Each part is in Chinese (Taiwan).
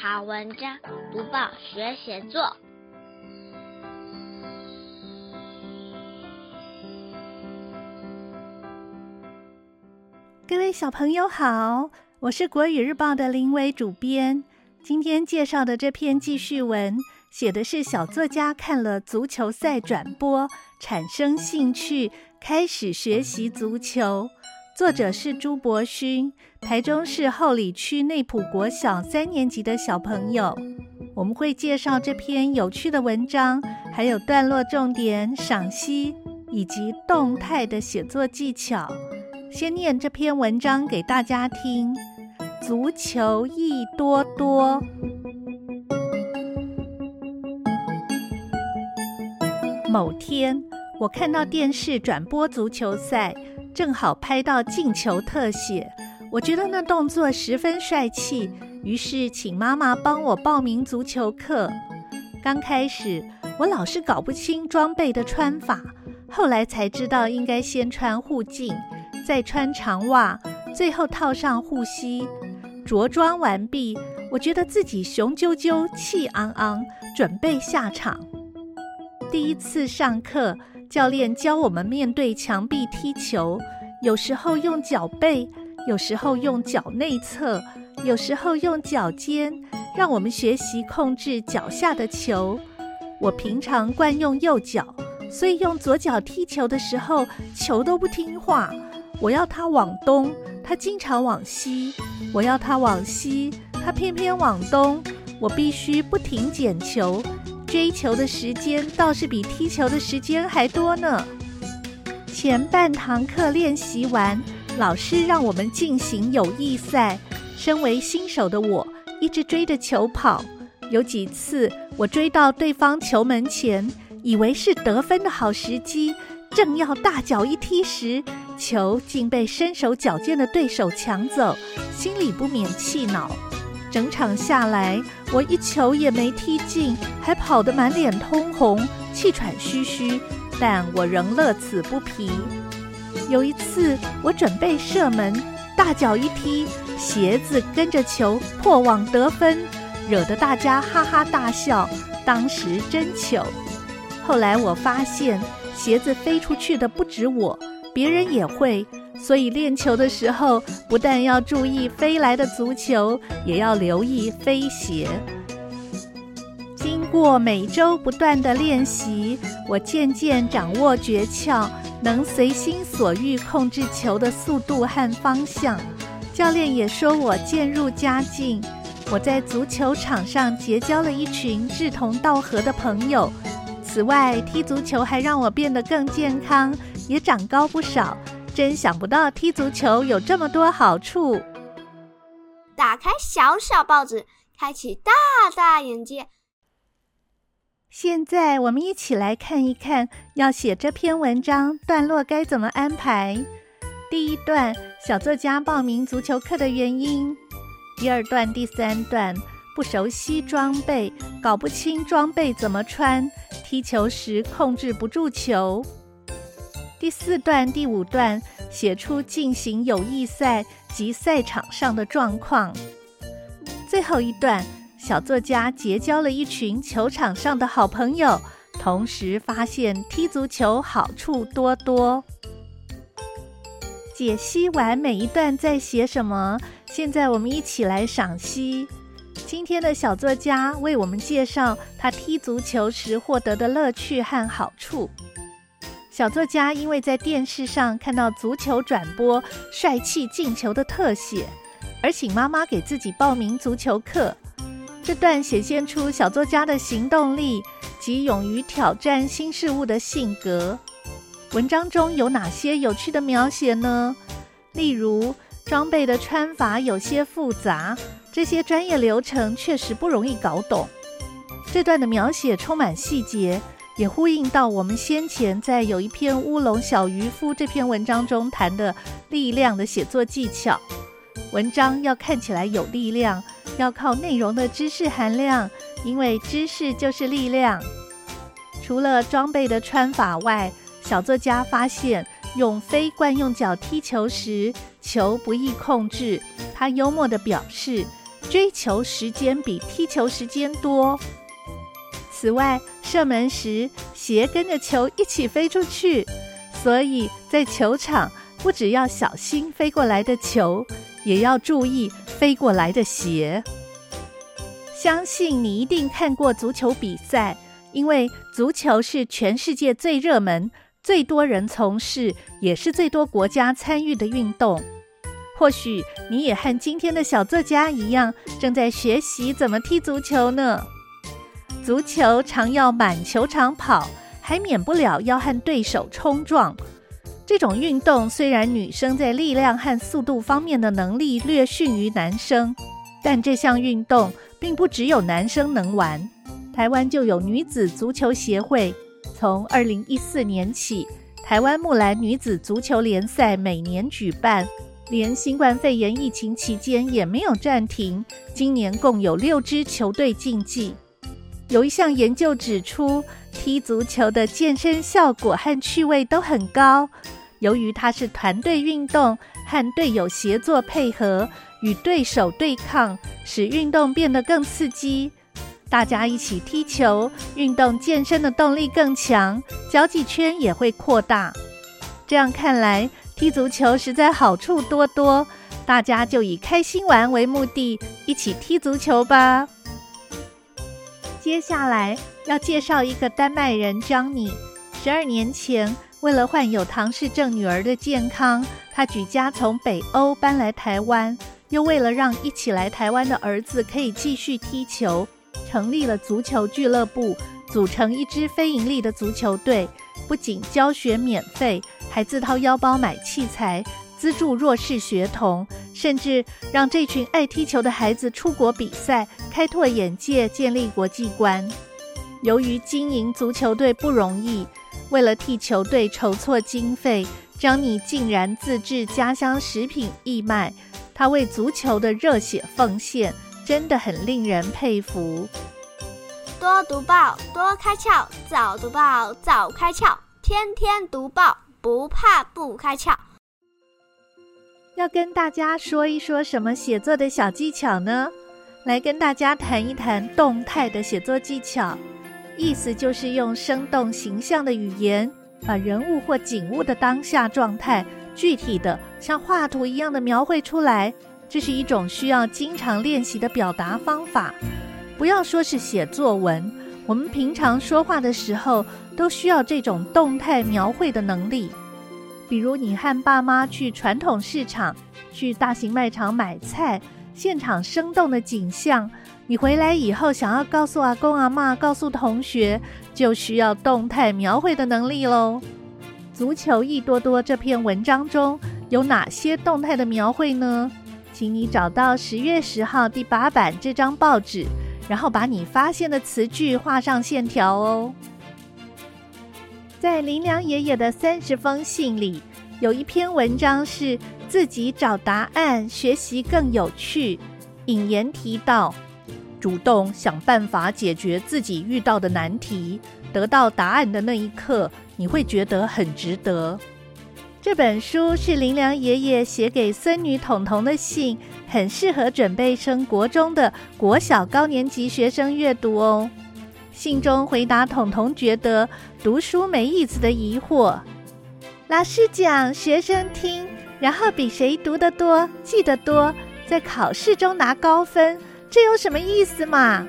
好文章，讀報學寫作。做。各位小朋友好，我是國語日報的林偉主編。今天介紹的這篇記敘文，寫的是小作家看了足球賽轉播，產生興趣，開始學習足球。作者是朱博勳，台中市后里區內埔國小三年級的小朋友。我們會介紹這篇有趣的文章，還有段落重點賞析以及動態的寫作技巧。先念這篇文章給大家聽：足球益多多。某天，我看到電視轉播足球賽。正好拍到進球特寫，我覺得那動作十分帥氣，於是請媽媽幫我報名足球課。剛開始我老是搞不清裝備的穿法，後來才知道應該先穿護脛，再穿長襪，最後套上護膝。着裝完畢，我覺得自己雄赳赳、氣昂昂，準備下場。第一次上課。教練教我們面對牆壁踢球，有時候用腳背，有時候用腳內側，有時候用腳尖，讓我們學習控制腳下的球。我平常慣用右腳，所以用左腳踢球的時候，球都不聽話。我要它往東，它經常往西；我要它往西，它偏偏往東。我必須不停撿球。追球的時間倒是比踢球的時間還多呢。前半堂課練習完，老師讓我們進行友誼賽。身為新手的我，一直追着球跑。有幾次，我追到對方球門前，以為是得分的好時機，正要大腳一踢時，球竟被身手矯健的對手搶走，心裡不免氣惱。整場下來，我一球也沒踢進，還跑得滿臉通紅、氣喘吁吁，但我仍樂此不疲。有一次，我準備射門，大腳一踢，鞋子跟着球破網得分，惹得大家哈哈大笑。當時真糗。後來我發現，鞋子飛出去的不止我，別人也會。所以練球的時候，不但要注意飛來的足球，也要留意飛鞋。經過每周不斷的練習，我漸漸掌握訣竅，能隨心所欲控制球的速度和方向。教練也說我漸入佳境。我在足球場上結交了一群志同道合的朋友。此外，踢足球還讓我變得更健康，也長高不少。真想不到踢足球有這麼多好處。打開小小報紙，開啟大大眼界。現在我們一起來看一看，要寫這篇文章段落該怎麼安排。第一段，小作家報名足球課的原因；第二段、第三段，不熟悉裝備，搞不清裝備怎麼穿，踢球時控制不住球。第四段、第五段寫出進行友誼賽及賽場上的狀況。最後一段，小作家結交了一群球場上的好朋友，同時發現踢足球好處多多。解析完每一段在寫什麼，現在我們一起來賞析。今天的小作家為我們介紹他踢足球時獲得的樂趣和好處。小作家因為在電視上看到足球轉播帥氣進球的特寫，而請媽媽給自己報名足球課。這段顯現出小作家的行動力及勇於挑戰新事物的性格。文章中有哪些有趣的描寫呢？例如裝備的穿法有些複雜，這些專業流程確實不容易搞懂。這段的描寫充滿細節。也呼應到我們先前在有一篇《烏龍小漁夫》這篇文章中談的力量的寫作技巧。文章要看起來有力量，要靠內容的知識含量，因為知識就是力量。除了裝備的穿法外，小作家發現用非慣用腳踢球時，球不易控制。他幽默地表示，追球時間比踢球時間多。此外，射門時，鞋跟着球一起飛出去，所以在球場不只要小心飛過來的球，也要注意飛過來的鞋。相信你一定看過足球比賽，因為足球是全世界最熱門、最多人從事，也是最多國家參與的運動。或許你也和今天的小作家一樣，正在學習怎麼踢足球呢？足球常要滿球場跑，還免不了要和對手衝撞。這種運動雖然女生在力量和速度方面的能力略遜於男生，但這項運動並不只有男生能玩。台灣就有女子足球協會，從二零一四年起，台灣木蘭女子足球聯賽每年舉辦，連新冠肺炎疫情期間也沒有暫停。今年共有六支球隊競技。有一項研究指出，踢足球的健身效果和趣味都很高。由於它是團隊運動，和隊友協作配合，與對手對抗，使運動變得更刺激。大家一起踢球，運動健身的動力更強，交際圈也會擴大。這樣看來，踢足球實在好處多多。大家就以開心玩為目的，一起踢足球吧。接下來要介紹一個丹麥人 Johnny。十二年前，為了患有唐氏症女兒的健康，他舉家從北歐搬來台灣；又為了讓一起來台灣的兒子可以繼續踢球，成立了足球俱樂部，組成一支非盈利的足球隊。不僅教學免費，還自掏腰包買器材，資助弱勢學童，甚至讓這群愛踢球的孩子出國比賽。開拓眼界，建立國際觀。由於經營足球隊不容易，為了替球隊籌措經費，張妮竟然自制家鄉食品義賣。他為足球的熱血奉獻，真的很令人佩服。多讀報，多開竅；早讀報，早開竅；天天讀報，不怕不開竅。要跟大家說一說什麼寫作的小技巧呢？來跟大家談一談動態的寫作技巧，意思就是用生動形象的語言，把人物或景物的當下狀態具體的像畫圖一樣的描繪出來。這是一種需要經常練習的表達方法。不要說是寫作文，我們平常說話的時候都需要這種動態描繪的能力。比如你和爸媽去傳統市場、去大型賣場買菜。現場生動的景象，你回來以後想要告訴阿公阿嬤，告訴同學，就需要動態描繪的能力咯。《足球益多多》這篇文章中有哪些動態的描繪呢？請你找到十月十號第八版這張報紙，然後把你發現的詞句畫上線條哦。在林良爺爺的三十封信裡，有一篇文章是。自己找答案，學習更有趣。引言提到，主動想辦法解決自己遇到的難題，得到答案的那一刻，你會覺得很值得。這本書是林良爺爺寫給孫女彤彤的信，很適合準備升國中的國小高年級學生閱讀哦。信中回答彤彤覺得讀書沒意思的疑惑，老師講，學生聽。然後比誰讀得多、記得多，在考試中拿高分，這有什麼意思嘛？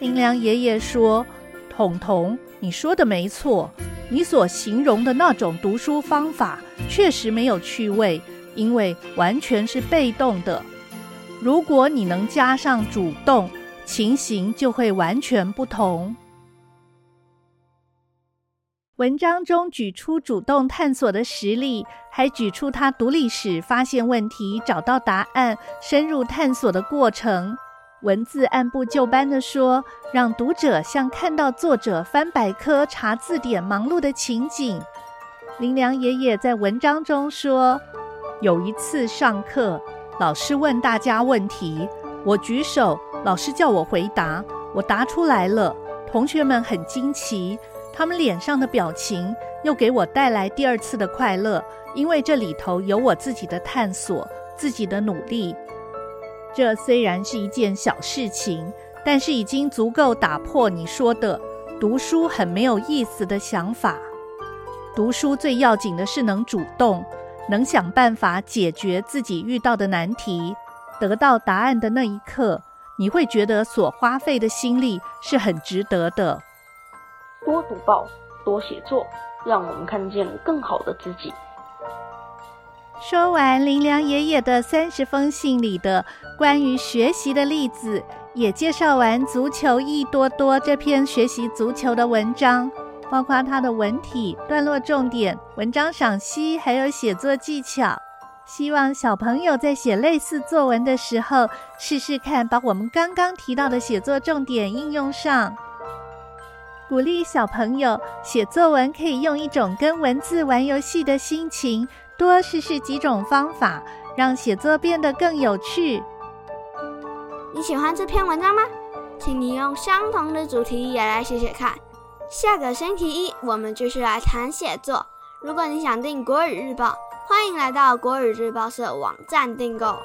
林良爺爺說：“彤彤，你說的沒錯，你所形容的那種讀書方法確實沒有趣味，因為完全是被動的。如果你能加上主動，情形就會完全不同。”文章中舉出主動探索的實例，還舉出他讀歷史發現問題、找到答案、深入探索的過程。文字按部就班地說，讓讀者像看到作者翻百科、查字典、忙碌的情景。林良爺爺在文章中說：“有一次上課，老師問大家問題，我舉手，老師叫我回答，我答出來了，同學們很驚奇。”他們臉上的表情又給我帶來第二次的快樂，因為這裡頭有我自己的探索、自己的努力。這雖然是一件小事情，但是已經足夠打破你說的“讀書很沒有意思”的想法。讀書最要緊的是能主動，能想辦法解決自己遇到的難題。得到答案的那一刻，你會覺得所花費的心力是很值得的。多讀報，多寫作，讓我們看見更好的自己。說完林良爺爺的三十封信裡的關於學習的例子，也介紹完《足球益多多》這篇學習足球的文章，包括它的文體、段落重點、文章賞析，還有寫作技巧。希望小朋友在寫類似作文的時候，試試看把我們剛剛提到的寫作重點應用上。鼓勵小朋友寫作文，可以用一種跟文字玩遊戲的心情，多試試幾種方法，讓寫作變得更有趣。你喜歡這篇文章嗎？請你用相同的主題也來寫寫看。下個星期一，我們繼續來談寫作。如果你想訂國語日報，歡迎來到國語日報社網站訂購。